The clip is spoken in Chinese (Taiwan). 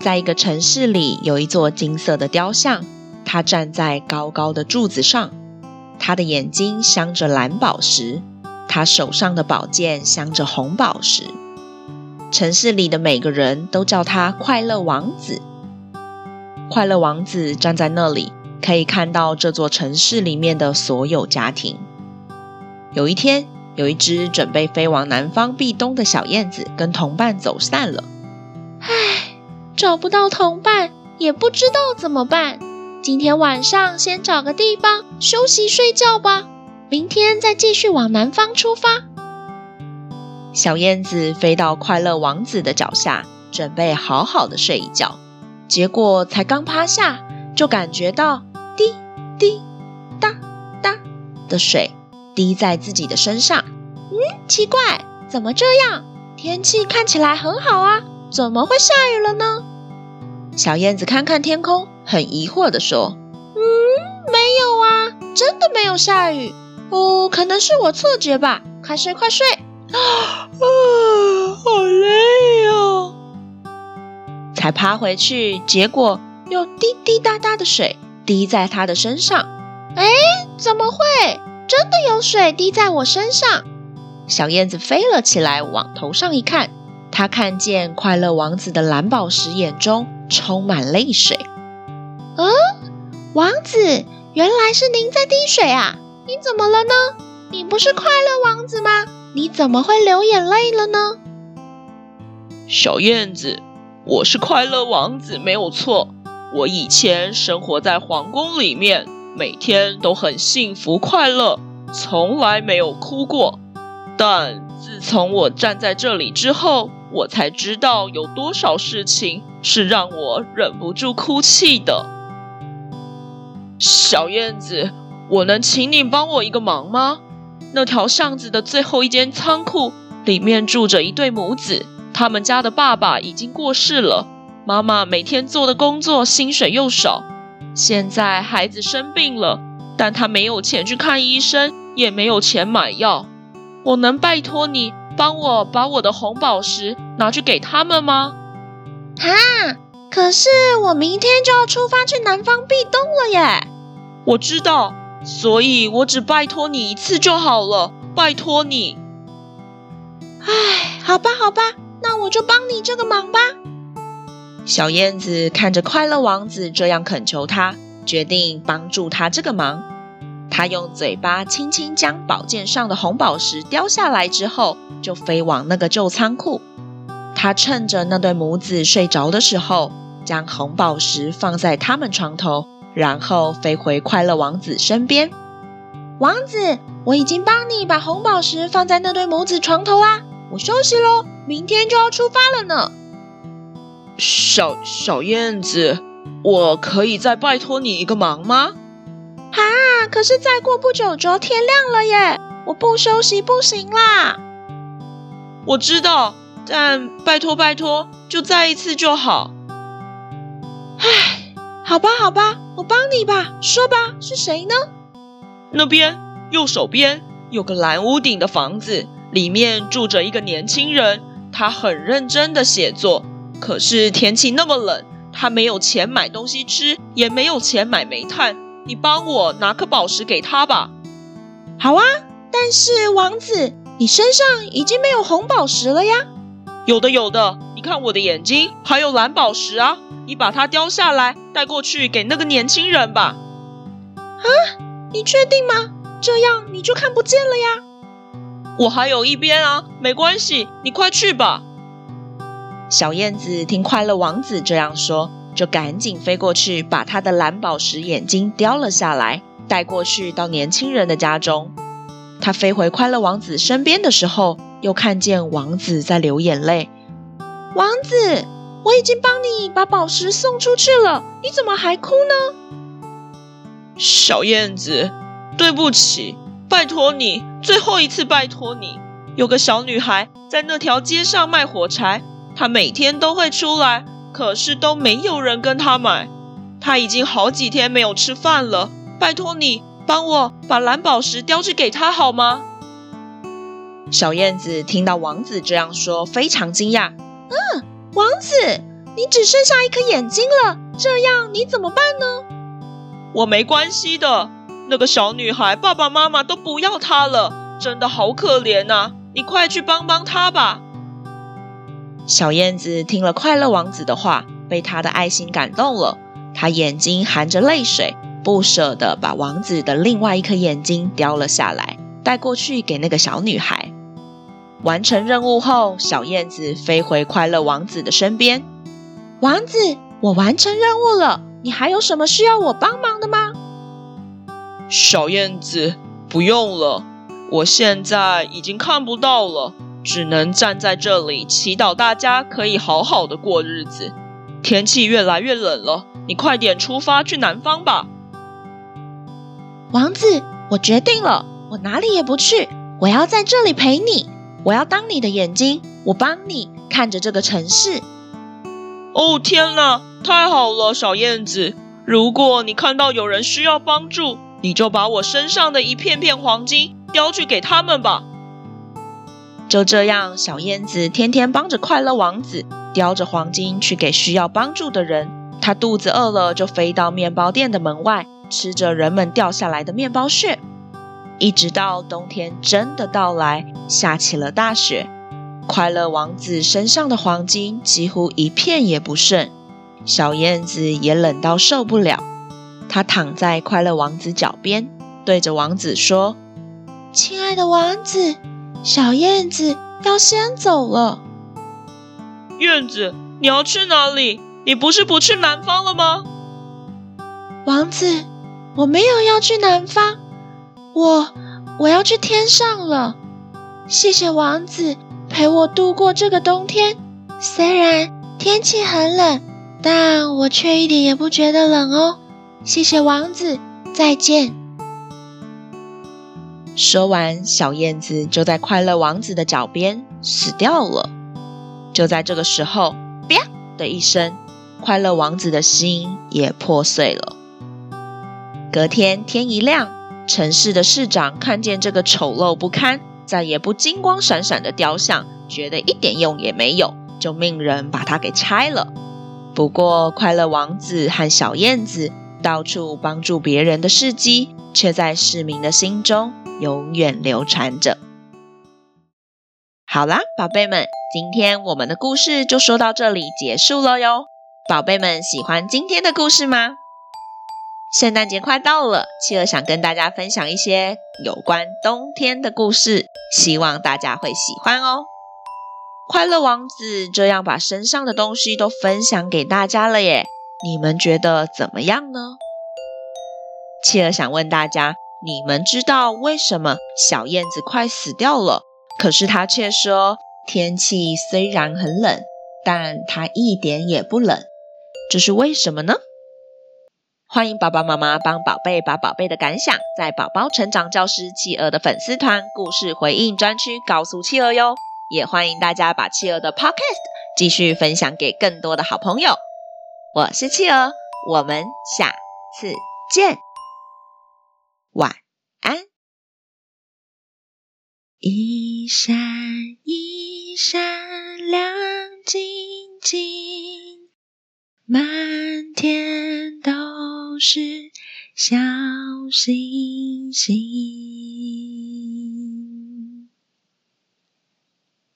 在一個城市裡，有一座金色的雕像，他站在高高的柱子上。他的眼睛鑲着藍寶石，他手上的寶劍鑲着紅寶石。城市裡的每個人都叫他快樂王子。快樂王子站在那裡，可以看到這座城市裡面的所有家庭。有一天，有一隻準備飛往南方避冬的小燕子跟同伴走散了。唉。找不到同伴，也不知道怎麼辦。今天晚上先找個地方休息睡覺吧，明天再繼續往南方出發。小燕子飛到快樂王子的腳下，準備好好的睡一覺。結果才剛趴下，就感覺到滴滴答答的水滴在自己的身上。嗯，奇怪，怎麼這樣？天氣看起來很好啊。怎麼會下雨了呢？小燕子看看天空，很疑惑地說：“嗯，沒有啊，真的沒有下雨。哦，可能是我錯覺吧。快睡，快睡！啊啊，好累啊，哦！”才趴回去，結果又滴滴答答的水滴在它的身上。哎，怎麼會？真的有水滴在我身上？小燕子飛了起來，往頭上一看。他看見快樂王子的藍寶石眼中充滿淚水。嗯、哦，王子，原來是您在滴水啊！你怎麼了呢？你不是快樂王子嗎？你怎麼會流眼淚了呢？小燕子，我是快樂王子，沒有錯。我以前生活在皇宮裡面，每天都很幸福快樂，從來沒有哭過。但……自從我站在這裡之後，我才知道有多少事情是讓我忍不住哭泣的。小燕子，我能請你幫我一個忙嗎？那條巷子的最後一間倉庫裡面住着一對母子，他們家的爸爸已經過世了，媽媽每天做的工作薪水又少，現在孩子生病了，但他沒有錢去看醫生，也沒有錢買藥。我能拜託你幫我把我的紅寶石拿去給他們嗎？啊！可是我明天就要出發去南方避冬了耶。我知道，所以我只拜託你一次就好了。拜託你。哎，好吧，好吧，那我就幫你這個忙吧。小燕子看着快樂王子這樣懇求他，決定幫助他這個忙。他用嘴巴輕輕將寶劍上的紅寶石叼下來之後，就飛往那個舊倉庫。他趁着那對母子睡着的時候，將紅寶石放在他們床頭，然後飛回快樂王子身邊。王子，我已經幫你把紅寶石放在那對母子床頭啦。我休息咯，明天就要出發了呢。小小燕子，我可以再拜託你一個忙嗎？啊！可是再過不久就天亮了耶，我不休息不行啦。我知道，但拜託拜託，就再一次就好。唉，好吧好吧，我幫你吧。說吧，是誰呢？那邊右手邊有個藍屋頂的房子，裡面住着一個年輕人，他很認真的寫作。可是天氣那麼冷，他沒有錢買東西吃，也沒有錢買煤炭。你幫我拿顆寶石給他吧。好啊，但是王子，你身上已經沒有紅寶石了呀。有的，有的，你看我的眼睛，還有藍寶石啊。你把它叼下來，帶過去給那個年輕人吧。啊，你確定嗎？這樣你就看不見了呀。我還有一邊啊，沒關係，你快去吧。小燕子聽快樂王子這樣說。就趕緊飛過去，把他的藍寶石眼睛叼了下來，帶過去到年輕人的家中。他飛回快樂王子身邊的時候，又看見王子在流眼淚。王子，我已經幫你把寶石送出去了，你怎麼還哭呢？小燕子，對不起，拜託你，最後一次拜託你。有個小女孩在那條街上賣火柴，她每天都會出來。可是都沒有人跟他買，他已經好幾天沒有吃飯了。拜託你幫我把藍寶石叼去給他好嗎？小燕子聽到王子這樣說，非常驚訝。嗯，王子，你只剩下一顆眼睛了，這樣你怎麼辦呢？我沒關係的。那個小女孩爸爸媽媽都不要她了，真的好可憐啊！你快去幫幫她吧。小燕子聽了快樂王子的話，被他的愛心感動了。他眼睛含着淚水，不舍得把王子的另外一顆眼睛叼了下來，帶過去給那個小女孩。完成任務後，小燕子飛回快樂王子的身邊。王子，我完成任務了，你還有什麼需要我幫忙的嗎？小燕子，不用了，我現在已經看不到了。只能站在這裡祈禱，大家可以好好的過日子。天氣越來越冷了，你快點出發去南方吧。王子，我決定了，我哪裡也不去，我要在這裡陪你，我要當你的眼睛，我幫你看着這個城市。哦，天哪，太好了，小燕子！如果你看到有人需要幫助，你就把我身上的一片片黃金叼去給他們吧。就這樣，小燕子天天幫着快樂王子，叼着黃金去給需要幫助的人。他肚子餓了，就飛到麵包店的門外，吃着人們掉下來的麵包屑。一直到冬天真的到來，下起了大雪，快樂王子身上的黃金幾乎一片也不剩，小燕子也冷到受不了。他躺在快樂王子腳邊，對着王子說：“親愛的王子。”小燕子要先走了。燕子，你要去哪裡？你不是不去南方了嗎？王子，我沒有要去南方。我我要去天上了。謝謝王子陪我度過這個冬天。雖然天氣很冷，但我卻一點也不覺得冷哦。謝謝王子，再見。說完，小燕子就在快樂王子的腳邊死掉了。就在這個時候，啪的一聲，快樂王子的心也破碎了。隔天，天一亮，城市的市長看見這個醜陋不堪、再也不金光閃閃的雕像，覺得一點用也沒有，就命人把它給拆了。不過，快樂王子和小燕子到處幫助別人的事蹟，卻在市民的心中。永遠流傳着。好啦，寶貝們，今天我們的故事就說到這裡結束了喲。寶貝們，喜歡今天的故事嗎？聖誕節快到了，企鵝想跟大家分享一些有關冬天的故事，希望大家會喜歡哦。快樂王子這樣把身上的東西都分享給大家了耶，你們覺得怎麼樣呢？企鵝想問大家。你們知道為什麼小燕子快死掉了？可是它卻說，天氣雖然很冷，但它一點也不冷。這是為什麼呢？歡迎爸爸媽媽幫寶貝把寶貝的感想在寶寶成長教室企鵝的粉絲團故事回應專區告訴企鵝喲。也歡迎大家把企鵝的 Podcast 繼續分享給更多的好朋友。我是企鵝，我們下次見。晚安，一閃一閃亮晶晶，滿天都是小星星。